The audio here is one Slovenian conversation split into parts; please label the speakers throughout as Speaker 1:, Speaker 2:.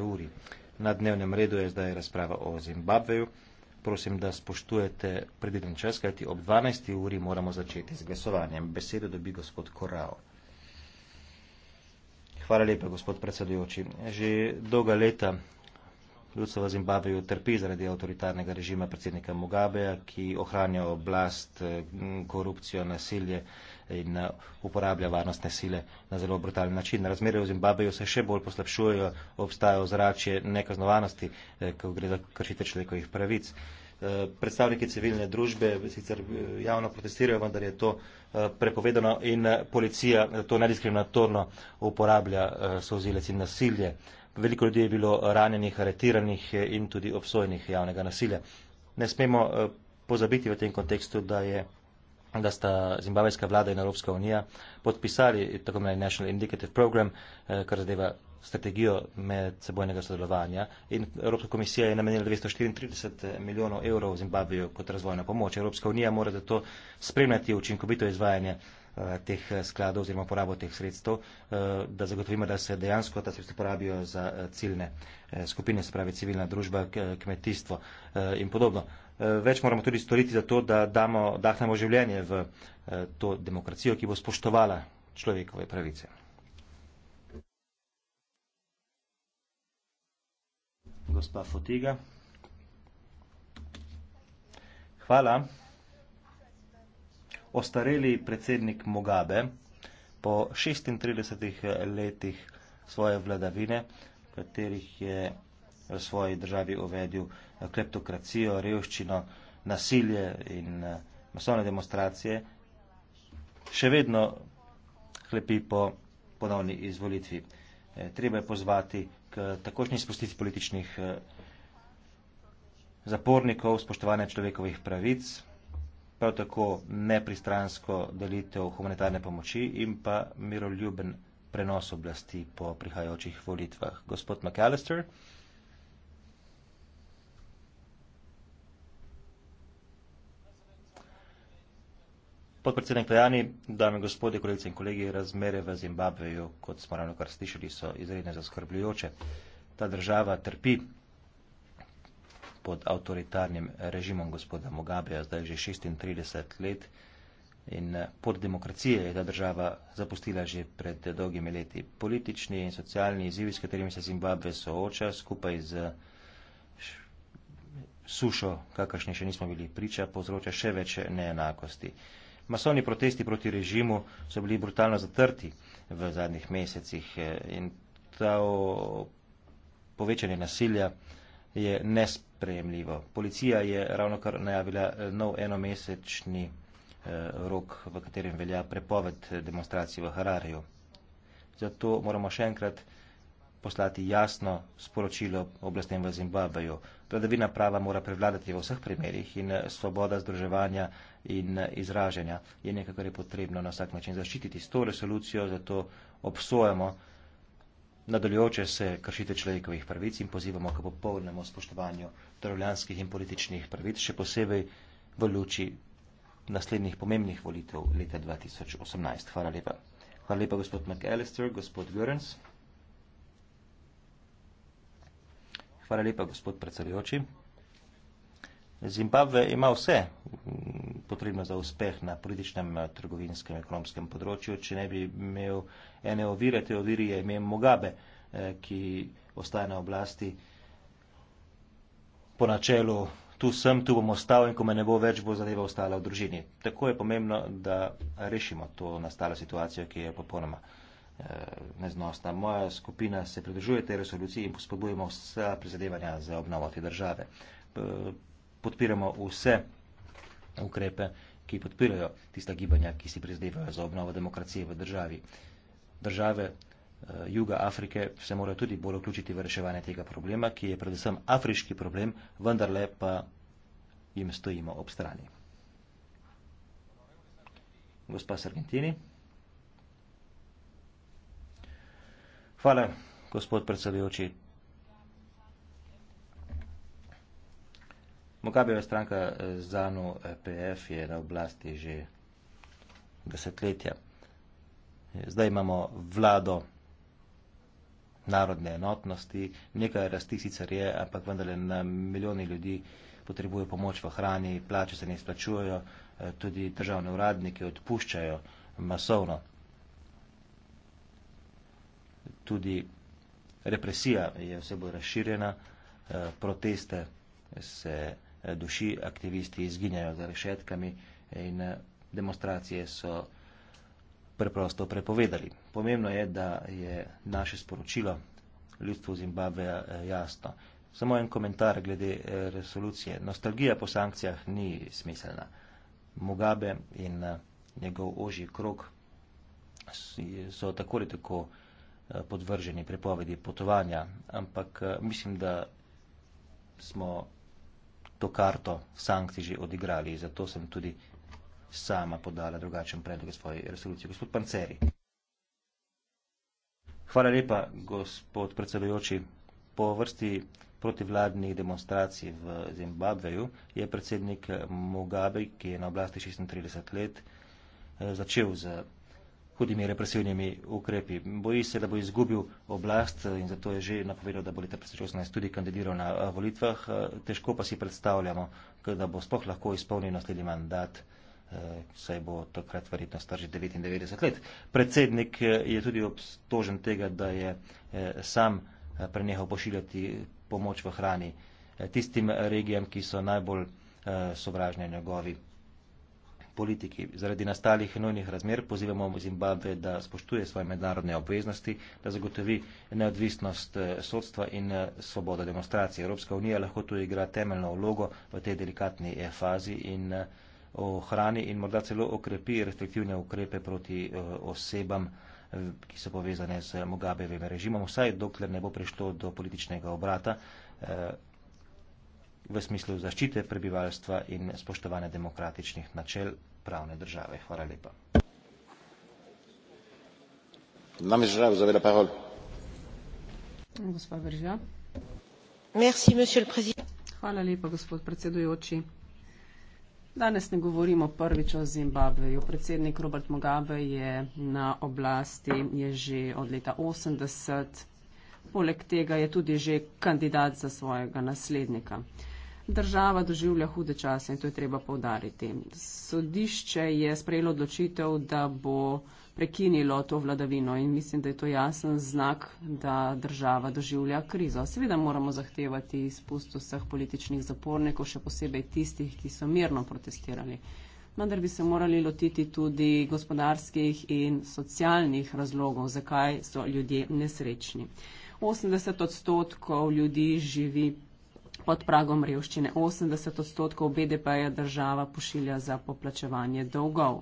Speaker 1: uri. Na dnevnem redu je zdaj razprava o Zimbabveju. Prosim, da spoštujete prededen čas, kajti ob 12. uri moramo začeti z glasovanjem. Besedo dobi gospod Korao. Hvala lepa, gospod predsedujoči. Že dolga leta ljudstvo v Zimbabveju trpi zaradi avtoritarnega režima predsednika Mugabeja, ki ohranja oblast, eh, korupcijo, nasilje in eh, uporablja varnostne sile na zelo brutalen način. Razmere v Zimbabveju se še bolj poslabšujejo, obstaja ozračje nekaznovanosti, eh, ko gre za kršite človekovih pravic. Eh, predstavniki civilne družbe sicer javno protestirajo, vendar je to prepovedano in policija to nediskriminatorno uporablja sozilec in nasilje. Veliko ljudi je bilo ranjenih, aretiranih in tudi obsojenih javnega nasilja. Ne smemo pozabiti v tem kontekstu, da je da sta zimbabvejska vlada in Evropska unija podpisali tako imenovani National Indicative Program, eh, kar zadeva strategijo medsebojnega sodelovanja. In Evropska komisija je namenila 234 eh, milijonov evrov Zimbabveju kot razvojna pomoč. Evropska unija mora zato spremljati učinkovito izvajanje Eh, teh eh, skladov oziroma porabo teh sredstev, eh, da zagotovimo, da se dejansko ta sredstva porabijo za ciljne skupine, se pravi civilna družba, kmetijstvo in podobno. Več moramo tudi storiti za to, da damo, dahnemo življenje v to demokracijo, ki bo spoštovala človekove pravice. Gospa Fotiga. Hvala ostareli predsednik Mugabe po 36 letih svoje vladavine, v katerih je v svoji državi uvedil eh, kleptokracijo, revščino, nasilje in eh, masovne demonstracije, še vedno hlepi po ponovni izvolitvi. Eh, treba je pozvati k takošnji spustiti političnih zapornikov, spoštovanja človekovih pravic, prav tako nepristransko delitev humanitarne pomoči in pa miroljuben prenos oblasti po prihajajočih volitvah. Gospod McAllister. Podpredsednik Tajani, dame in gospode, kolegice in kolegi, razmere v Zimbabveju, kot smo ravno kar slišali, so izredno zaskrbljujoče. Ta država trpi pod avtoritarnim režimom gospoda Mugabeja, zdaj že 36 let. In eh, pot demokracije je ta država zapustila že pred dolgimi leti. Politični in socialni izzivi, s katerimi se Zimbabve sooča, skupaj z sušo, kakršni še nismo bili priča, povzroča še več neenakosti. Masovni protesti proti režimu so bili brutalno zatrti v zadnjih mesecih eh, in to povečanje nasilja je nespremljivo. Policija je ravno kar najavila eh, nov enomesečni eh, rok, v katerem velja prepoved demonstracij v Harareju. Zato moramo še enkrat poslati jasno sporočilo oblastem v Zimbabveju. Vladavina prava mora prevladati v vseh primerih in eh, svoboda združevanja in izražanja je nekaj, kar je potrebno na vsak način zaščititi. S to resolucijo zato obsojamo nadaljujoče se kršite človekovih pravic in pozivamo k popolnemu spoštovanju državljanskih in političnih pravic, še posebej v luči naslednjih pomembnih volitev leta 2018. Hvala lepa. Hvala lepa, gospod McAllister, gospod Görens. Hvala lepa, gospod predsedujoči. Zimbabve ima vse mm, potrebno za uspeh na političnem, eh, trgovinskem, ekonomskem področju. Če ne bi imel ene ovire, te oviri je imel Mugabe, eh, ki ostaje na oblasti po načelu tu sem, tu bom ostal in ko me ne bo več, bo zadeva ostala v družini. Tako je pomembno, da rešimo to nastalo situacijo, ki je popolnoma eh, neznosna. Moja skupina se pridržuje tej resoluciji in spodbujemo vsa prizadevanja za obnovo te države podpiramo vse ukrepe, ki podpirajo tista gibanja, ki si prizdevajo za obnovo demokracije v državi. Države eh, juga Afrike se morajo tudi bolj vključiti v reševanje tega problema, ki je predvsem afriški problem, vendarle pa jim stojimo ob strani. Gospa s Argentini. Hvala, gospod predsedujoči. Mugabeva stranka eh, ZANU eh, PF je na oblasti že desetletja. Eh, zdaj imamo vlado narodne enotnosti, nekaj rasti sicer je, ampak vendarle na milijoni ljudi potrebuje pomoč v hrani, plače se ne izplačujejo, tudi državne uradniki odpuščajo masovno. Tudi represija je vse bolj razširjena, proteste se Eh, duši, aktivisti izginjajo za rešetkami in eh, demonstracije so preprosto prepovedali. Pomembno je, da je naše sporočilo ljudstvu Zimbabve eh, jasno. Samo en komentar glede resolucije. Nostalgija po sankcijah ni smiselna. Mugabe in njegov ožji krok so tako ali tako podvrženi prepovedi potovanja, ampak mislim, da smo to karto sankcij že odigrali. Zato sem tudi sama podala drugačen predlog svoje resolucije. Gospod Panceri. Hvala lepa, gospod predsedujoči. Po vrsti protivladnih demonstracij v Zimbabveju je predsednik Mugabe, ki je na oblasti 36 let, eh, začel z hudimi represivnimi ukrepi. Boji se, da bo izgubil oblast eh, in zato je že napovedal, da bo leta 2018 tudi kandidiral na eh, volitvah. Eh, težko pa si predstavljamo, da bo sploh lahko izpolnil naslednji mandat, saj bo takrat verjetno star že 99 let. Predsednik je tudi obtožen tega, da je sam prenehal pošiljati pomoč v hrani tistim regijam, ki so najbolj sovražne njegovi politiki. Zaradi nastalih enojnih razmer pozivamo Zimbabve, da spoštuje svoje mednarodne obveznosti, da zagotovi neodvisnost eh, sodstva in eh, svobodo demonstracije. Evropska unija lahko tu igra temeljno vlogo v tej delikatni eh, fazi in ohrani in morda celo okrepi restriktivne ukrepe proti osebam, ki so povezane z Mugabevim režimom, vsaj dokler ne bo prišlo do političnega obrata v smislu zaščite prebivalstva in spoštovanja demokratičnih načel pravne države. Hvala lepa. Nam je žal, zaveda parol.
Speaker 2: Gospod Brža. Merci, monsieur le président. Hvala lepa, gospod predsedujoči. Danes ne govorimo prvič o Zimbabveju. Predsednik Robert Mugabe je na oblasti, je že od leta 80. Poleg tega je tudi že kandidat za svojega naslednika država doživlja hude čase in to je treba povdariti. Sodišče je sprejelo odločitev, da bo prekinilo to vladavino in mislim, da je to jasen znak, da država doživlja krizo. Seveda moramo zahtevati izpust vseh političnih zapornikov, še posebej tistih, ki so mirno protestirali. Vendar bi se morali lotiti tudi gospodarskih in socialnih razlogov, zakaj so ljudje nesrečni. 80 odstotkov ljudi živi pod pragom revščine. 80 odstotkov BDP-ja država pošilja za poplačevanje dolgov.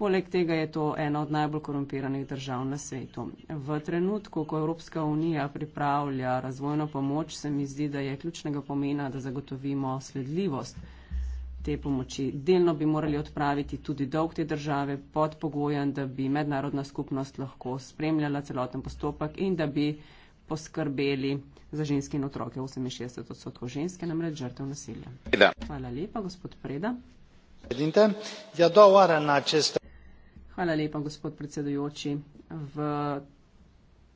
Speaker 2: Poleg tega je to ena od najbolj korumpiranih držav na svetu. V trenutku, ko Evropska unija pripravlja razvojno pomoč, se mi zdi, da je ključnega pomena, da zagotovimo sledljivost te pomoči. Delno bi morali odpraviti tudi dolg te države pod pogojem, da bi mednarodna skupnost lahko spremljala celoten postopek in da bi poskrbeli za ženske in otroke. 68 odstotkov ženske namreč žrtev nasilja. Preda. Hvala lepa, gospod Preda. Ja Hvala lepa, gospod predsedujoči. V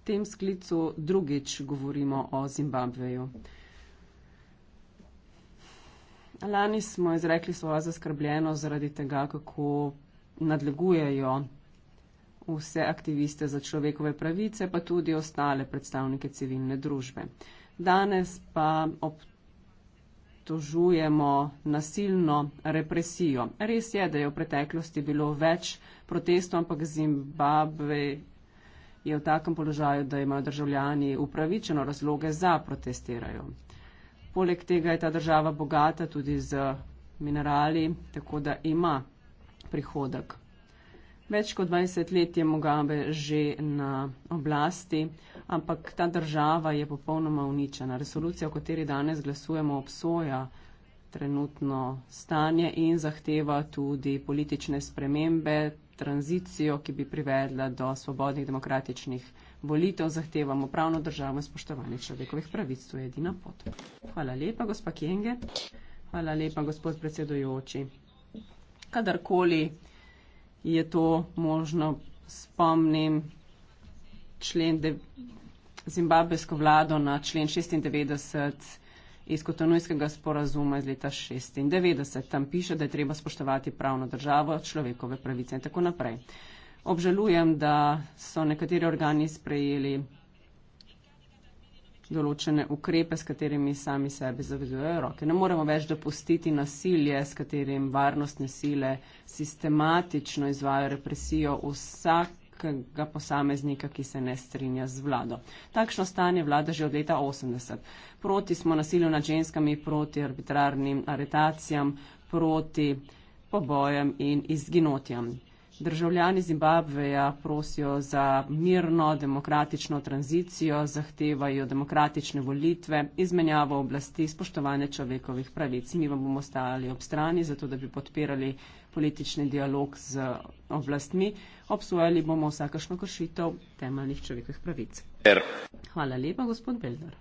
Speaker 2: tem sklicu drugič govorimo o Zimbabveju. Lani smo izrekli svojo zaskrbljeno zaradi tega, kako nadlegujejo vse aktiviste za človekove pravice, pa tudi ostale predstavnike civilne družbe. Danes pa obtožujemo nasilno represijo. Res je, da je v preteklosti bilo več protestov, ampak Zimbabve je v takem položaju, da imajo državljani upravičeno razloge za protestirajo. Poleg tega je ta država bogata tudi z minerali, tako da ima prihodek. Več kot 20 let je Mugabe že na oblasti, ampak ta država je popolnoma uničena. Resolucija, o kateri danes glasujemo, obsoja trenutno stanje in zahteva tudi politične spremembe, tranzicijo, ki bi privedla do svobodnih demokratičnih volitev. Zahtevamo pravno državo in spoštovanje človekovih pravic. To je edina pot. Hvala lepa, gospa Kjenge. Hvala lepa, gospod predsedujoči. Kadarkoli je to možno. Spomnim zimbabvesko vlado na člen 96 iz Kotonujskega sporazuma iz leta 96. Tam piše, da je treba spoštovati pravno državo, človekove pravice in tako naprej. Obžalujem, da so nekateri organi sprejeli določene ukrepe, s katerimi sami sebi zavezujejo roke. Ne moremo več dopustiti nasilje, s katerim varnostne sile sistematično izvajo represijo vsakega posameznika, ki se ne strinja z vlado. Takšno stanje vlada že od leta 80. Proti smo nasilju nad ženskami, proti arbitrarnim aretacijam, proti pobojem in izginotjam. Državljani Zimbabveja prosijo za mirno, demokratično tranzicijo, zahtevajo demokratične volitve, izmenjavo oblasti, spoštovanje človekovih pravic. Mi vam bomo stali ob strani, zato da bi podpirali politični dialog z oblastmi. Obsojali bomo vsakašno kršitev temeljnih človekovih pravic. Er. Hvala lepa, gospod Beldar.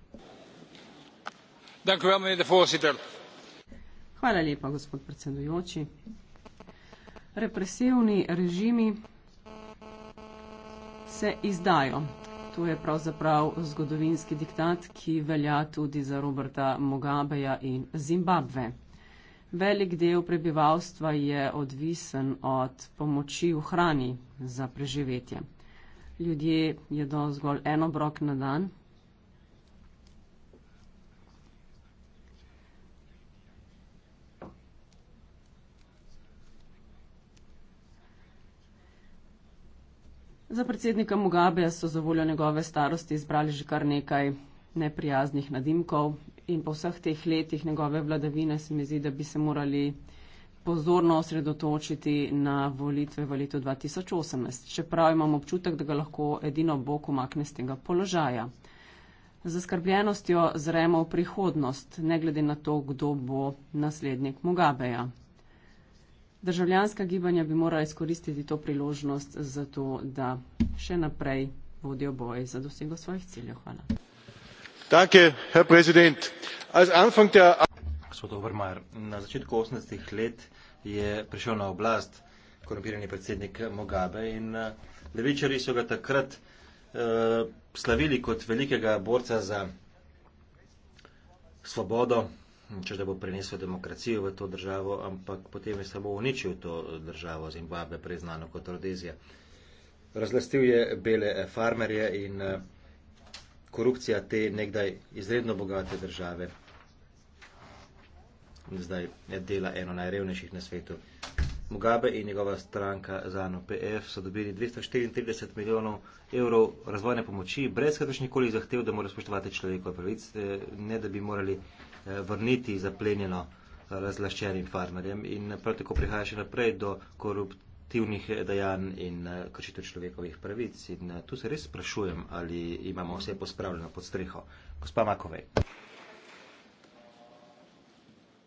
Speaker 2: Hvala lepa, gospod predsedujoči represivni režimi se izdajo. To je pravzaprav zgodovinski diktat, ki velja tudi za Roberta Mugabeja in Zimbabve. Velik del prebivalstva je odvisen od pomoči v hrani za preživetje. Ljudje jedo zgolj en obrok na dan, Za predsednika Mugabeja so za voljo njegove starosti izbrali že kar nekaj neprijaznih nadimkov in po vseh teh letih njegove vladavine se mi zdi, da bi se morali pozorno osredotočiti na volitve v letu 2018, čeprav imam občutek, da ga lahko edino Bog umakne z tega položaja. Zaskrbljenostjo zremo v prihodnost, ne glede na to, kdo bo naslednik Mugabeja državljanska gibanja bi morala izkoristiti to priložnost za to, da še naprej vodijo boj za dosego svojih ciljev. Hvala.
Speaker 1: Danke, Herr Präsident. Als Anfang der. Gospod Obermajer, na začetku 80-ih let je prišel na oblast korumpirani predsednik Mogabe in eh, levičari so ga takrat uh, slavili kot velikega borca za svobodo, če da bo prinesel demokracijo v to državo, ampak potem je samo uničil to državo Zimbabve, preznano kot Rodezija. Razlastil je bele eh, farmerje in eh, korupcija te nekdaj izredno bogate države zdaj dela eno najrevnejših na svetu. Mugabe in njegova stranka ZANU PF so dobili 234 milijonov evrov razvojne pomoči brez kakršnih koli zahtev, da morajo spoštovati človekove pravice, ne da bi morali uh, Eh, vrniti zaplenjeno eh, razlaščenim farmerjem in prav tako prihaja še naprej do koruptivnih dejanj in eh, kršitev človekovih pravic. In tu se res sprašujem, ali imamo vse pospravljeno pod streho. Gospa Makovej.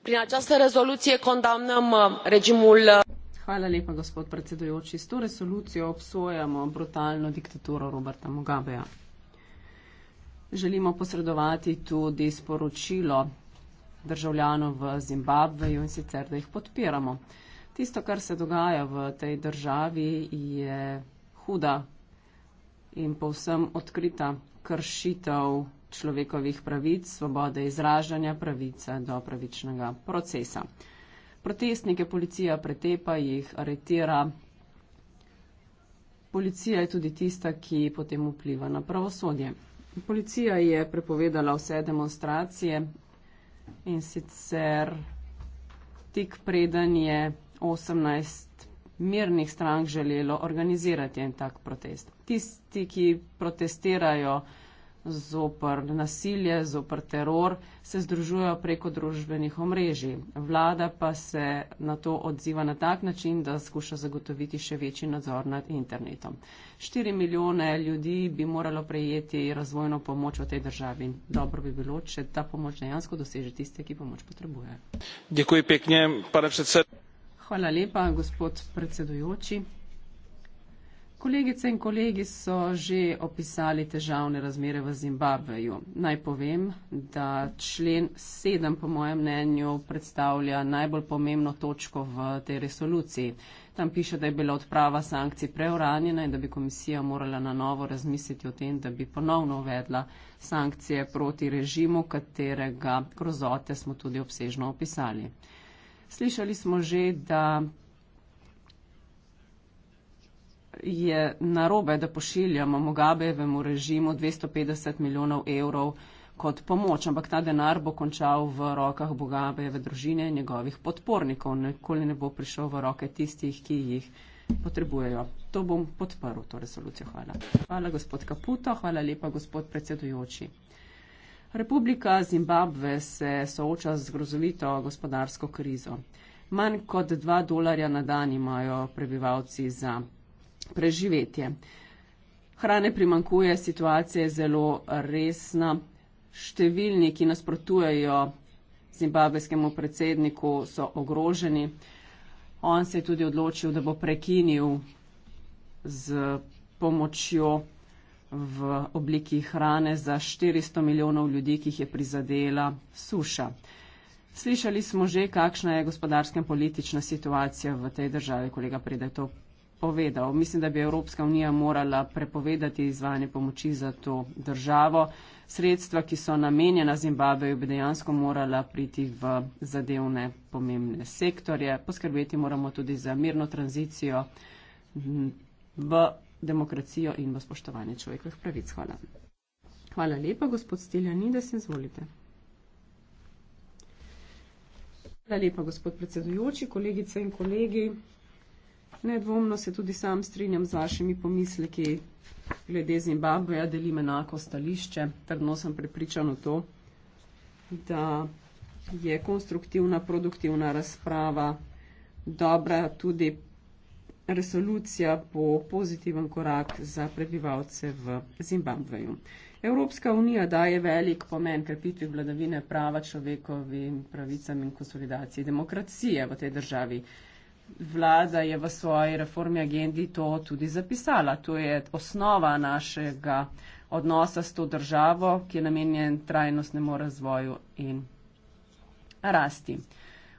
Speaker 2: Prin această rezoluție condamnăm regimul. Hvala lepa, gospod predsedujoči. S to rezolucijo obsojamo brutalno diktaturo Roberta Mugabeja. Želimo posredovati tudi sporočilo državljanov v Zimbabveju in sicer, da jih podpiramo. Tisto, kar se dogaja v tej državi, je huda in povsem odkrita kršitev človekovih pravic, svobode izražanja, pravice do pravičnega procesa. Protestnike policija pretepa, jih aretira. Policija je tudi tista, ki potem vpliva na pravosodje. Policija je prepovedala vse demonstracije, in sicer tik preden je 18 mirnih strank želelo organizirati en tak protest. Tisti, ki protestirajo, zopr nasilje, zopr teror, se združujejo preko družbenih omrežij. Vlada pa se na to odziva na tak način, da skuša zagotoviti še večji nadzor nad internetom. 4 milijone ljudi bi moralo prejeti razvojno pomoč v tej državi. Dobro bi bilo, če ta pomoč dejansko doseže tiste, ki pomoč potrebuje. Hvala lepa, gospod predsedujoči. Kolegice in kolegi so že opisali težavne razmere v Zimbabveju. Naj povem, da člen 7 po mojem mnenju predstavlja najbolj pomembno točko v tej resoluciji. Tam piše, da je bila odprava sankcij preuranjena in da bi komisija morala na novo razmisliti o tem, da bi ponovno uvedla sankcije proti režimu, katerega grozote smo tudi obsežno opisali. Slišali smo že, da je narobe, da pošiljamo Mugabejevemu režimu 250 milijonov evrov kot pomoč, ampak ta denar bo končal v rokah Mugabejeve družine in njegovih podpornikov. Nikoli ne bo prišel v roke tistih, ki jih potrebujejo. To bom podprl, to resolucijo. Hvala. Hvala, gospod Kaputo, hvala lepa, gospod predsedujoči. Republika Zimbabve se sooča z grozovito gospodarsko krizo. Manj kot dva dolarja na dan imajo prebivalci za preživetje. Hrane primankuje, situacija je zelo resna. Številni, ki nasprotujejo zimbabveskemu predsedniku, so ogroženi. On se je tudi odločil, da bo prekinil z pomočjo v obliki hrane za 400 milijonov ljudi, ki jih je prizadela suša. Slišali smo že, kakšna je gospodarska in politična situacija v tej državi, kolega Predaj, to povedal. Mislim, da bi Evropska unija morala prepovedati izvajanje pomoči za to državo. Sredstva, ki so namenjena Zimbabveju, bi dejansko morala priti v zadevne pomembne sektorje. Poskrbeti moramo tudi za mirno tranzicijo v demokracijo in v spoštovanje človekovih pravic. Hvala. Hvala lepa, gospod Stiljani, da se izvolite. Hvala lepa, gospod predsedujoči, kolegice in kolegi. Nedvomno se tudi sam strinjam z vašimi pomisleki glede Zimbabveja, delim enako stališče, trdno sem prepričan o to, da je konstruktivna, produktivna razprava dobra, tudi resolucija bo pozitiven korak za prebivalce v Zimbabveju. Evropska unija daje velik pomen krepitvi vladavine prava človekovim pravicam in konsolidaciji demokracije v tej državi vlada je v svoji reformi agendi to tudi zapisala. To je osnova našega odnosa s to državo, ki je namenjen trajnostnemu razvoju in rasti.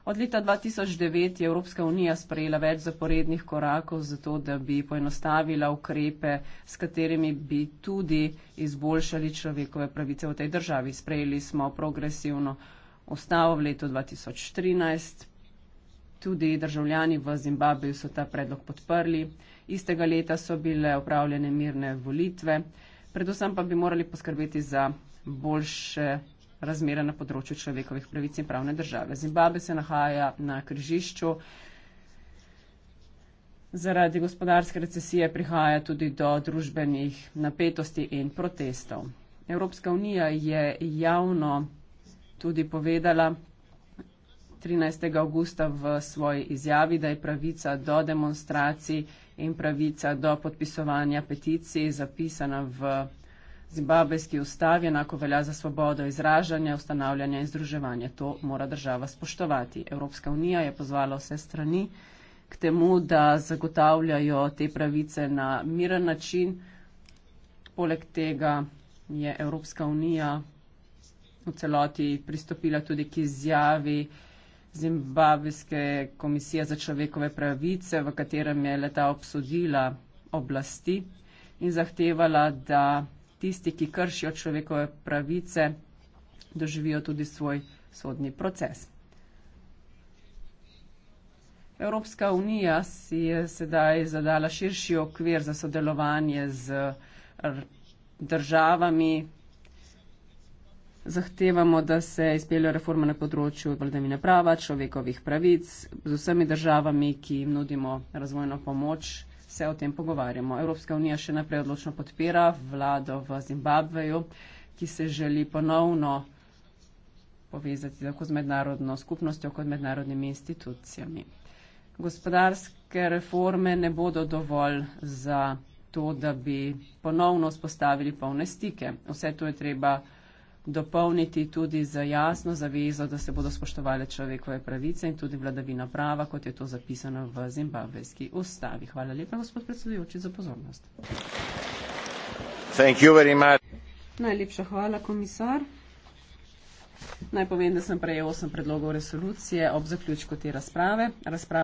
Speaker 2: Od leta 2009 je Evropska unija sprejela več zaporednih korakov za to, da bi poenostavila ukrepe, s katerimi bi tudi izboljšali človekove pravice v tej državi. Sprejeli smo progresivno ustavo v letu 2013, Tudi državljani v Zimbabveju so ta predlog podprli. Istega leta so bile upravljene mirne volitve, predvsem pa bi morali poskrbeti za boljše razmere na področju človekovih pravic in pravne države. Zimbabve se nahaja na križišču. Zaradi gospodarske recesije prihaja tudi do družbenih napetosti in protestov. Evropska unija je javno tudi povedala, 13. augusta v svoji izjavi, da je pravica do demonstracij in pravica do podpisovanja peticij zapisana v zimbabveski ustavi, enako velja za svobodo izražanja, ustanavljanja in združevanja. To mora država spoštovati. Evropska unija je pozvala vse strani k temu, da zagotavljajo te pravice na miren način. Poleg tega je Evropska unija v celoti pristopila tudi k izjavi, Zimbabvijske komisije za človekove pravice, v katerem je leta obsodila oblasti in zahtevala, da tisti, ki kršijo človekove pravice, doživijo tudi svoj sodni proces. Evropska unija si je sedaj zadala širši okvir za sodelovanje z državami, zahtevamo, da se izpeljejo reforme na področju vladavine prava, človekovih pravic, z vsemi državami, ki jim nudimo razvojno pomoč, se o tem pogovarjamo. Evropska unija še naprej odločno podpira vlado v Zimbabveju, ki se želi ponovno povezati tako z mednarodno skupnostjo kot mednarodnimi institucijami. Gospodarske reforme ne bodo dovolj za to, da bi ponovno vzpostavili polne stike. Vse to je treba dopolniti tudi za jasno zavezo, da se bodo spoštovali človekove pravice in tudi vladavina prava, kot je to zapisano v zimbabvejski ustavi. Hvala lepa, gospod predsedujoči, za pozornost. Najlepša hvala, komisar. Naj povem, da sem prejel osem predlogov resolucije ob zaključku te razprave. razprave